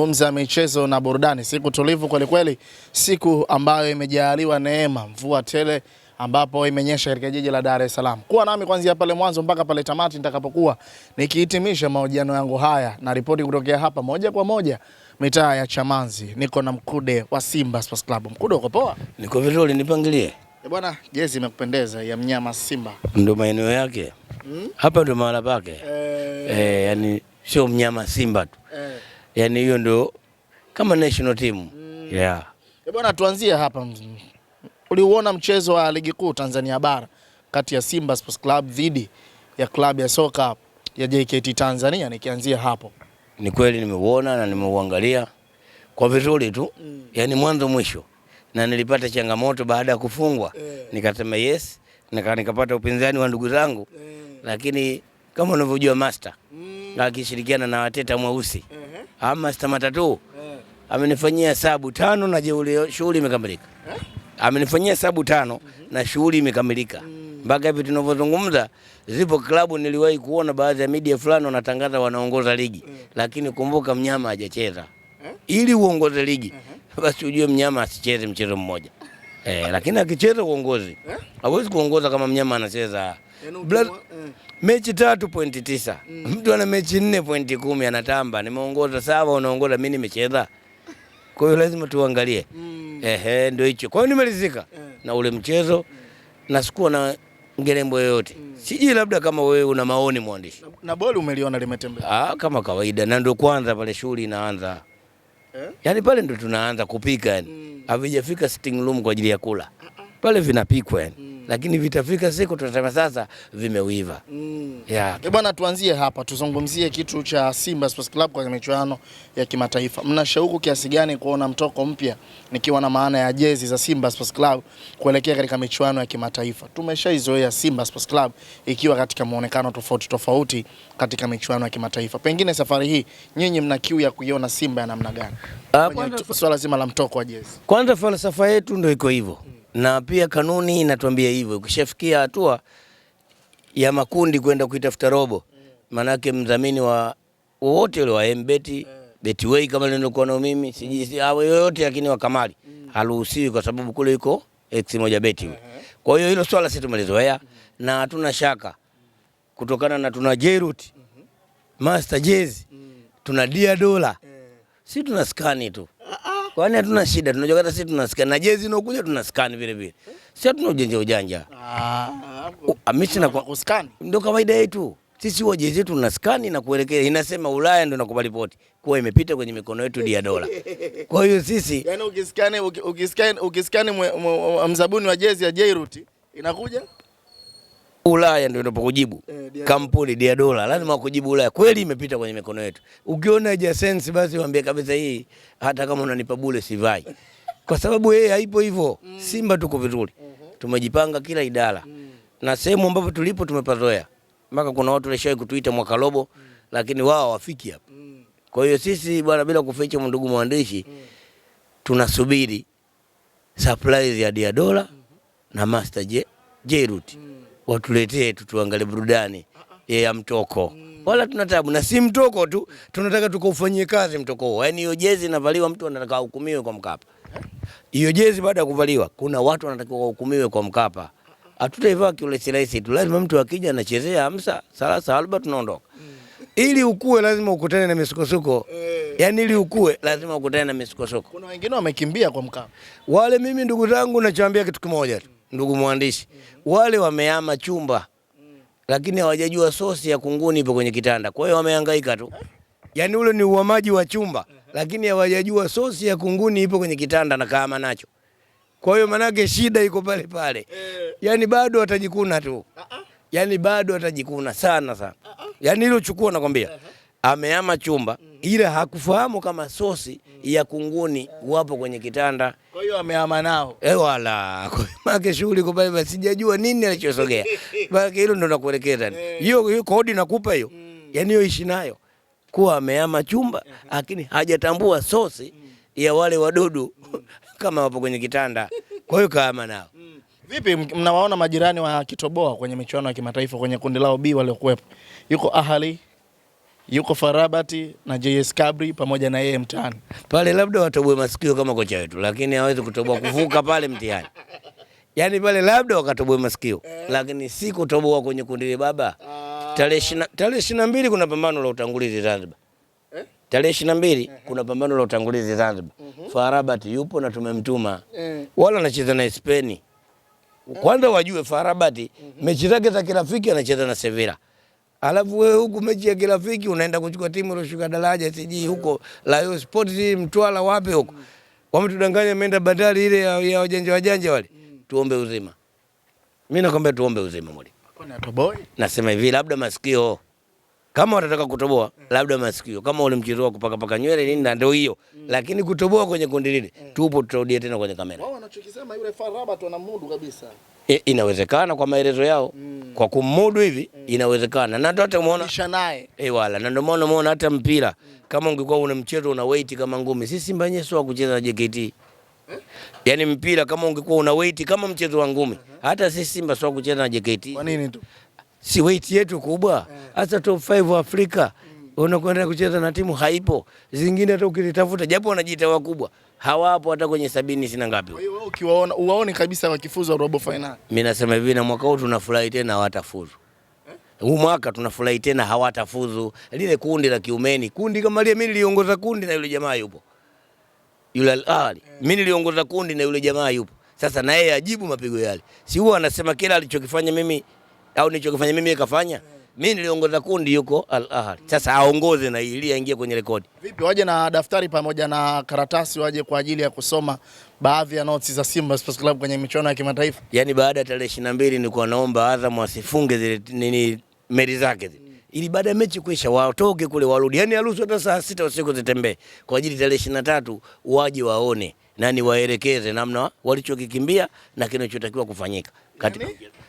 Tukizungumza michezo na burudani, siku tulivu kwelikweli, siku ambayo imejaliwa neema, mvua tele ambapo imenyesha katika jiji la Dar es Salaam. Kuwa nami kuanzia pale mwanzo mpaka pale tamati nitakapokuwa nikihitimisha mahojiano yangu haya na ripoti kutokea hapa moja kwa moja mitaa ya Chamanzi. Niko na Mkude wa Simba Sports Club. Mkude, uko poa? Niko vizuri, nipangilie. Eh, bwana, jezi imekupendeza ya mnyama Simba. Ndio maeneo yake. Hmm? Hapa ndio mahala pake. Eh, e, yani sio mnyama Simba tu. Eh yani hiyo ndio kama national team mm. yeah. E bwana, tuanzie hapa. Uliuona mchezo wa ligi kuu Tanzania bara kati ya Simba Sports Club dhidi ya klabu ya soka ya JKT Tanzania, nikianzia hapo. Ni kweli nimeuona na nimeuangalia kwa vizuri tu mm. yani mwanzo mwisho, na nilipata changamoto baada ya kufungwa yeah. Nikasema yes, nika nikapata upinzani wa ndugu zangu yeah. Lakini kama unavyojua master mm. akishirikiana na wateta mweusi yeah ama sita matatu amenifanyia hesabu tano na jeuli, shughuli imekamilika. Eh? Amenifanyia hesabu tano mhm. na shughuli imekamilika. Mm. Mpaka hivi tunavyozungumza, zipo klabu niliwahi kuona baadhi ya media fulani wanatangaza wanaongoza ligi, eh. lakini kumbuka mnyama hajacheza. Eh? Ili uongoze ligi, mhm. basi ujue mnyama asicheze mchezo mmoja. Eh, lakini akicheza uongozi eh? Hawezi kuongoza kama mnyama anacheza yaani Blood, eh. Mechi tatu pointi tisa mm. Mtu ana mechi nne pointi kumi anatamba, nimeongoza sawa, unaongoza mimi nimecheza. Kwa hiyo lazima tuangalie mm. Ehe, ndio hicho. Kwa hiyo nimeridhika eh. na ule mchezo mm. na sikuwa na ngerembo yoyote mm. Sijui labda kama wewe una maoni mwandishi. Na, na boli umeliona limetembea. Ah, kama kawaida na ndio kwanza pale shughuli inaanza eh? Yaani pale ndio tunaanza kupika yani mm havijafika sitting room kwa ajili ya kula pale, vinapikwa yani lakini vitafika siku tunasema sasa vimeuiva. Mm. Yeah. bwana, tuanzie hapa tuzungumzie kitu cha Simba Sports Club kwa michuano ya kimataifa. Mna shauku kiasi gani kuona mtoko mpya, nikiwa na maana ya jezi za Simba Sports Club kuelekea katika michuano ya kimataifa? Tumeshaizoea Simba Sports Club ikiwa katika muonekano tofauti tofauti katika michuano ya kimataifa. Pengine safari hii nyinyi mna kiu ya kuiona Simba ya namna gani? Ah, swala zima la mtoko wa jezi. Kwanza falsafa yetu ndio iko hivyo. Mm na pia kanuni inatuambia hivyo, ukishafikia hatua ya makundi kwenda kuitafuta robo, maanake mdhamini wa wowote ule wa Mbeti Betway kama nilikuwa nao mimi, sijui hao yoyote, lakini wa Kamali haruhusiwi kwa sababu kule yuko x moja beti. Kwa hiyo hilo swala sisi tumelizoea na hatuna shaka kutokana na tuna Jerut Master Jezi, tuna Dia Dola, eh. si tuna skani tu. Kwani hatuna shida, tunajua hata sisi tunaskan na jezi inaokuja tunaskan vile vile. Sisi hatuna ujanja ujanja. Ah, ah, ndio kawaida yetu sisi, huwa jezi yetu tunasikani na kuelekea, inasema Ulaya ndio nakupa ripoti kuwa imepita kwenye mikono yetu dia dola. Kwa hiyo sisi yani ukisikani ukisikani ukisikani mzabuni wa jezi ya Jairuti inakuja Ulaya ndio inapokujibu eh, kampuni dia dola lazima wakujibu Ulaya. Kweli imepita kwenye mikono yetu. Ukiona sense, basi waambie kabisa hii, hata kama unanipa bure sivai, kwa sababu yeye haipo hivyo. Mm. Simba tuko vizuri, mhm. tumejipanga kila idara mm. na sehemu ambapo tulipo tumepazoea, mpaka kuna watu walishawahi kutuita mwaka robo, mm. lakini wao hawafiki hapa. Kwa hiyo sisi bwana, bila kuficha, ndugu mwandishi, tunasubiri surprise ya dia dola mhm. na Master J Jeruti. Mm watuletee tu tuangalie burudani ya yeah, mtoko mm. Wala tuna tabu na si mtoko tu, tunataka tukaufanyie kazi mtoko huo. Yani hiyo jezi inavaliwa, mtu anataka ahukumiwe kwa Mkapa. Hiyo jezi baada ya kuvaliwa, kuna watu wanatakiwa wahukumiwe kwa Mkapa. Hatutaivaa kiurahisi rahisi tu, lazima mtu akija anachezea hamsa salasa alba tunaondoka. Ili ukue lazima ukutane na misukosuko e. Eh. Yani ili ukue lazima ukutane na misukosuko. Kuna wengine wamekimbia kwa Mkapa. Wale mimi ndugu zangu, nachoambia kitu kimoja tu ndugu mwandishi, wale wameama chumba lakini hawajajua sosi ya kunguni ipo kwenye kitanda, kwa hiyo wamehangaika tu. Yani ule ni uhamaji wa chumba, lakini hawajajua sosi ya kunguni ipo kwenye kitanda na kaama nacho. Kwa hiyo manake shida iko pale pale, eh. yani bado watajikuna tu, uh-uh. yani bado watajikuna sana sana. Uh-uh. Yani hilo chukua, nakwambia, uh-huh. ameama chumba mm ila hakufahamu kama sosi ya kunguni wapo kwenye kitanda. Kwa hiyo amehama nao eh, wala make shughuli kwa pale, sijajua nini alichosogea baki. Hilo ndo nakuelekeza eh. hiyo hiyo kodi nakupa hiyo, mm. yani hiyo ishi nayo, kuwa amehama chumba, eh. lakini hajatambua sosi mm. ya wale wadudu kama wapo kwenye kitanda, kwa hiyo kaama nao. Mm. Vipi, mnawaona majirani wa Kitoboa kwenye michuano ya kimataifa kwenye kundi lao B waliokuwepo, yuko Ahali yuko Farabati na JS Kabri pamoja na yeye mtaani pale, labda watoboe masikio kama kocha wetu, lakini hawezi kutoboa kuvuka pale mtihani. Yaani pale labda wakatoboe masikio, lakini si kutoboa kwenye kundi baba. Ah. Tarehe ishirini na mbili kuna pambano la utangulizi Zanzibar. Eh? Tarehe ishirini na mbili eh, eh. kuna pambano la utangulizi Zanzibar. Mhm. Farabati yupo na tumemtuma, wala anacheza na Spain. Kwanza wajue Farabati mhm. mechi zake za kirafiki anacheza na Sevilla. Alafu wewe huku mechi ya kirafiki unaenda kuchukua timu iliyoshuka daraja siji huko Rayon Sports Mtwara wapi huko. Wametudanganya ameenda Bandari ile ya, ya wajanja wajanja wale. Mm. Tuombe uzima. Mimi nakwambia tuombe uzima mwali. Nasema hivi labda masikio. Kama watataka kutoboa mm. labda masikio. Kama ule mchezo wa kupaka paka nywele nini na ndio hiyo. mm. Lakini kutoboa kwenye kundi lile mm. tupo, tutarudia tena kwenye kamera. Wao wanachokisema yule Faraba tu anamudu kabisa inawezekana kwa maelezo yao mm. Kwa kumudu hivi mm. Inawezekana na hata umeona e, wala na ndio maana umeona hata mpira mm. Kama ungekuwa una mchezo una weight kama ngumi, sisi Simba yenyewe sio kucheza na JKT mm. Eh? yani mpira kama ungekuwa una weight kama mchezo wa ngumi uh -huh. Hata sisi Simba sio kucheza na JKT. Kwa nini tu? Si weight yetu kubwa eh. hasa mm. Top 5 wa Afrika mm unakwenda kucheza na timu haipo, zingine hata ukilitafuta japo wanajiita wakubwa, hawapo hata kwenye sabini sina ngapi. Kwa hiyo ukiwaona uwaone kabisa wakifuzu robo final. Mimi nasema hivi, na mwaka huu tunafurahi tena hawatafuzu eh? huu mwaka tunafurahi tena hawatafuzu. Lile kundi la Kiumeni, kundi kama lile, mimi niliongoza kundi na yule jamaa yupo, yule Ali, ah, eh. mimi niliongoza kundi na yule jamaa yupo. Sasa na yeye ajibu mapigo yale, si huwa anasema kila alichokifanya mimi au nilichokifanya mimi Eh. Mimi niliongoza kundi yuko Al Ahly. Sasa aongoze na ili aingie kwenye rekodi. Vipi waje na daftari pamoja na karatasi waje kwa ajili ya kusoma baadhi ya notes za Simba Sports Club kwenye michuano ya kimataifa? Yaani baada ya tarehe 22 nilikuwa naomba Azam asifunge zile nini meli zake zile. Ili baada ya mechi kuisha watoke kule warudi. Yaani aruhusu hata saa sita usiku zitembee. Kwa ajili tarehe 23 waje waone na niwaelekeze namna walichokikimbia na kinachotakiwa kufanyika. Katika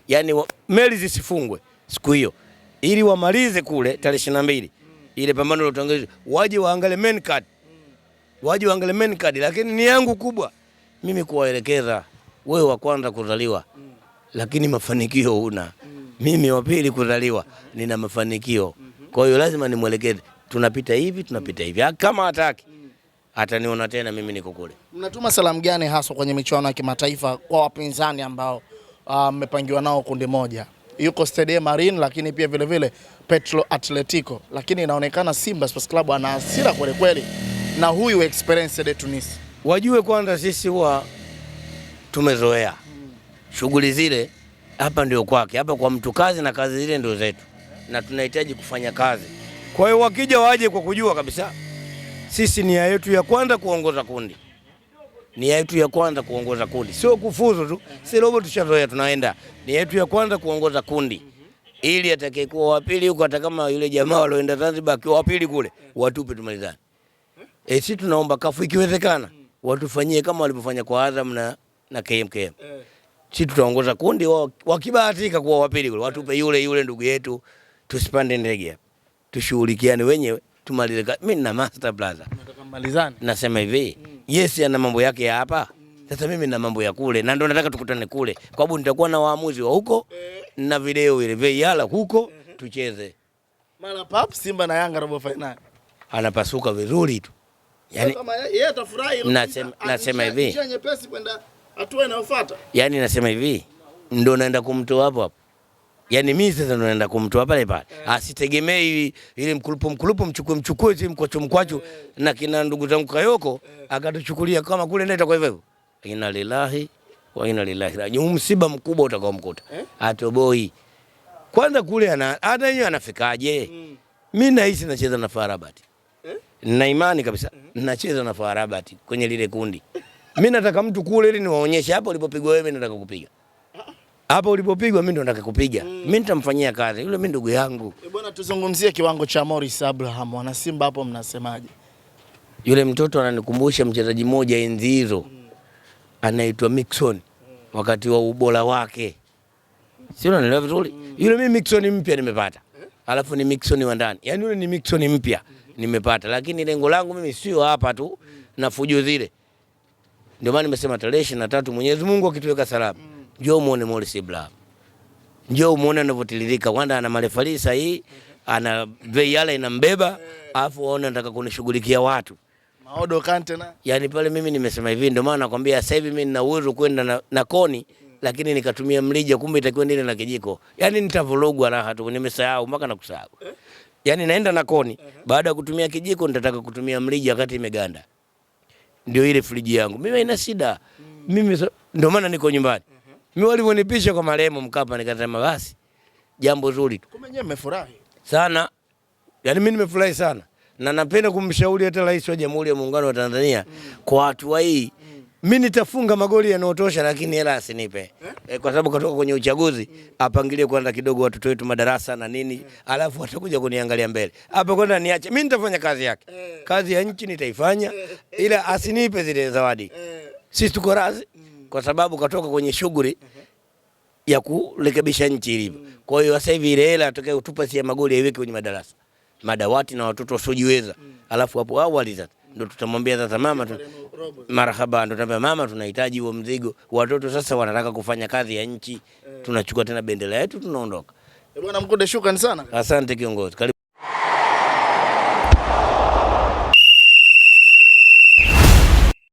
yani, yani meli zisifungwe siku hiyo ili wamalize kule tarehe 22 na mbili ile pambano lilotangazwa, waje waangalie main card, waje waangalie main card. Lakini ni yangu kubwa mimi kuwaelekeza wewe wa kwanza kuzaliwa lakini mafanikio huna, mimi wa pili kuzaliwa nina mafanikio, kwa hiyo lazima nimwelekeze, tunapita hivi, tunapita hivi. Kama hataki ataniona tena, mimi niko kule. Mnatuma salamu gani haswa kwenye michuano ya kimataifa kwa wapinzani ambao ah, mmepangiwa uh, nao kundi moja? yuko Stade Marine, lakini pia vile vile Petro Atletico, lakini inaonekana Simba Sports Club ana hasira kweli kweli na huyu experience de Tunis. Wajue kwanza sisi huwa tumezoea shughuli zile, hapa ndio kwake, hapa kwa mtu kazi na kazi zile ndio zetu, na tunahitaji kufanya kazi. Kwa hiyo wakija waje kwa kujua kabisa sisi nia yetu ya kwanza kuongoza kundi ni yetu ya kwanza kuongoza kundi, sio kufuzu tu, si robo tushazoea, tunaenda. ni yetu ya kwanza kuongoza kundi ili atakayekuwa wa pili huko, hata kama yule jamaa walioenda Zanzibar akiwa wa pili kule, watupe tumalizane. E, sisi tunaomba kafu ikiwezekana watufanyie kama walivyofanya kwa Azam na, na KMKM. Eh. Sisi tutaongoza kundi, wakibahatika kuwa wa pili kule watupe yule yule ndugu yetu, tusipande ndege hapa, tushughulikiane wenyewe tumalize. Mimi na master brother, nasema hivi mm. Yesi ana mambo yake ya hapa, sasa mimi na mambo ya kule, na ndo nataka tukutane kule, kwa sababu nitakuwa na waamuzi wa huko eh. na video ile veiala huko mhm. tucheze mara pap Simba na Yanga robo finali. Anapasuka vizuri tu yani, nasema nasema hivi, yani nasema hivi ndo naenda kumtoa hapo hapo Yaani mimi sasa ndo naenda kumtoa pale pale. Yeah. Eh. Asitegemee Asitegemei ili mkulupu mkulupu mchukue mchukue timu mkwacho yeah. na kina ndugu zangu Kayoko yeah. akatuchukulia kama kule ndio itakuwa hivyo. Inna lillahi wa inna ilaihi rajiun. Msiba mkubwa utakaomkuta. Yeah. Atoboi. Kwanza kule ana hata yeye anafikaje? Mimi mm. nahisi nacheza na Farabati. Yeah. Na imani kabisa mm-hmm. nacheza na Farabati kwenye lile kundi. Mimi nataka mtu kule ili niwaonyeshe hapo ulipopigwa wewe nataka kupiga. Hapa ulipopigwa mimi ndo nataka kupiga. Mm. Mimi nitamfanyia kazi. Yule mimi ndugu yangu. E bwana tuzungumzie kiwango cha Morris Abraham. Wana Simba hapo mnasemaje? Yule mtoto ananikumbusha mchezaji mmoja enzi hizo. Mm. Anaitwa Mixon. Mm. Wakati wa ubora wake. Si unanielewa vizuri? Mm. Yule mimi Mixon mpya nimepata. Eh? Alafu ni Mixon wa ndani. Yaani yule ni Mixon mpya mm -hmm. nimepata. Lakini lengo langu mimi sio hapa tu mm. na fujo zile. Ndio maana nimesema tarehe 23 Mwenyezi Mungu akituweka salama. Mm njoo muone Morris Black, njoo muone anavyotiririka, Wanda, ana marefali sahihi, ana bei inambeba, afu aone anataka kunishughulikia watu Maodo Kante na. yani pale mimi nimesema hivi ndio maana nakwambia sasa hivi mimi nina uwezo kwenda na, na koni lakini nikatumia mlija kumbe itakiwa nile na kijiko. Yaani nitavurugwa raha tu nimesahau mpaka nakusahau. Yaani naenda na koni baada ya kutumia kijiko nitataka kutumia mlija wakati imeganda. Ndio ile friji yangu. Mimi ina shida. Mimi ndio maana niko nyumbani. Mimi walivyonipisha kwa marehemu Mkapa nikasema basi jambo zuri tu. Kumbe nyewe mmefurahi. Sana. Yaani mimi nimefurahi sana. Na napenda kumshauri hata Rais wa Jamhuri ya Muungano wa Tanzania mm. kwa hatua hii mm. mimi nitafunga magoli yanayotosha lakini hela asinipe. Eh? E, kwa sababu katoka kwenye uchaguzi mm. apangilie kwanza kidogo watoto wetu madarasa na nini yeah. alafu atakuja kuniangalia mbele. Hapo kwanza niache. Mimi nitafanya kazi yake. Eh. Kazi ya nchi nitaifanya eh. ila asinipe zile zawadi. Eh. Sisi tuko razi. Mm kwa sababu katoka kwenye shughuli ya kurekebisha nchi ilivyo. Kwa hiyo sasa hivi ile hela atakaye utupa si ya magoli aiweke kwenye madarasa, madawati na watoto wasiojiweza. Alafu hapo awali sasa ndo tutamwambia sasa mama tu, marhaba ndo tutamwambia mama, tunahitaji huo mzigo. Watoto sasa wanataka kufanya kazi ya nchi, tunachukua tena bendera yetu tunaondoka. Eh, Bwana Mkude, shukrani sana. Asante kiongozi.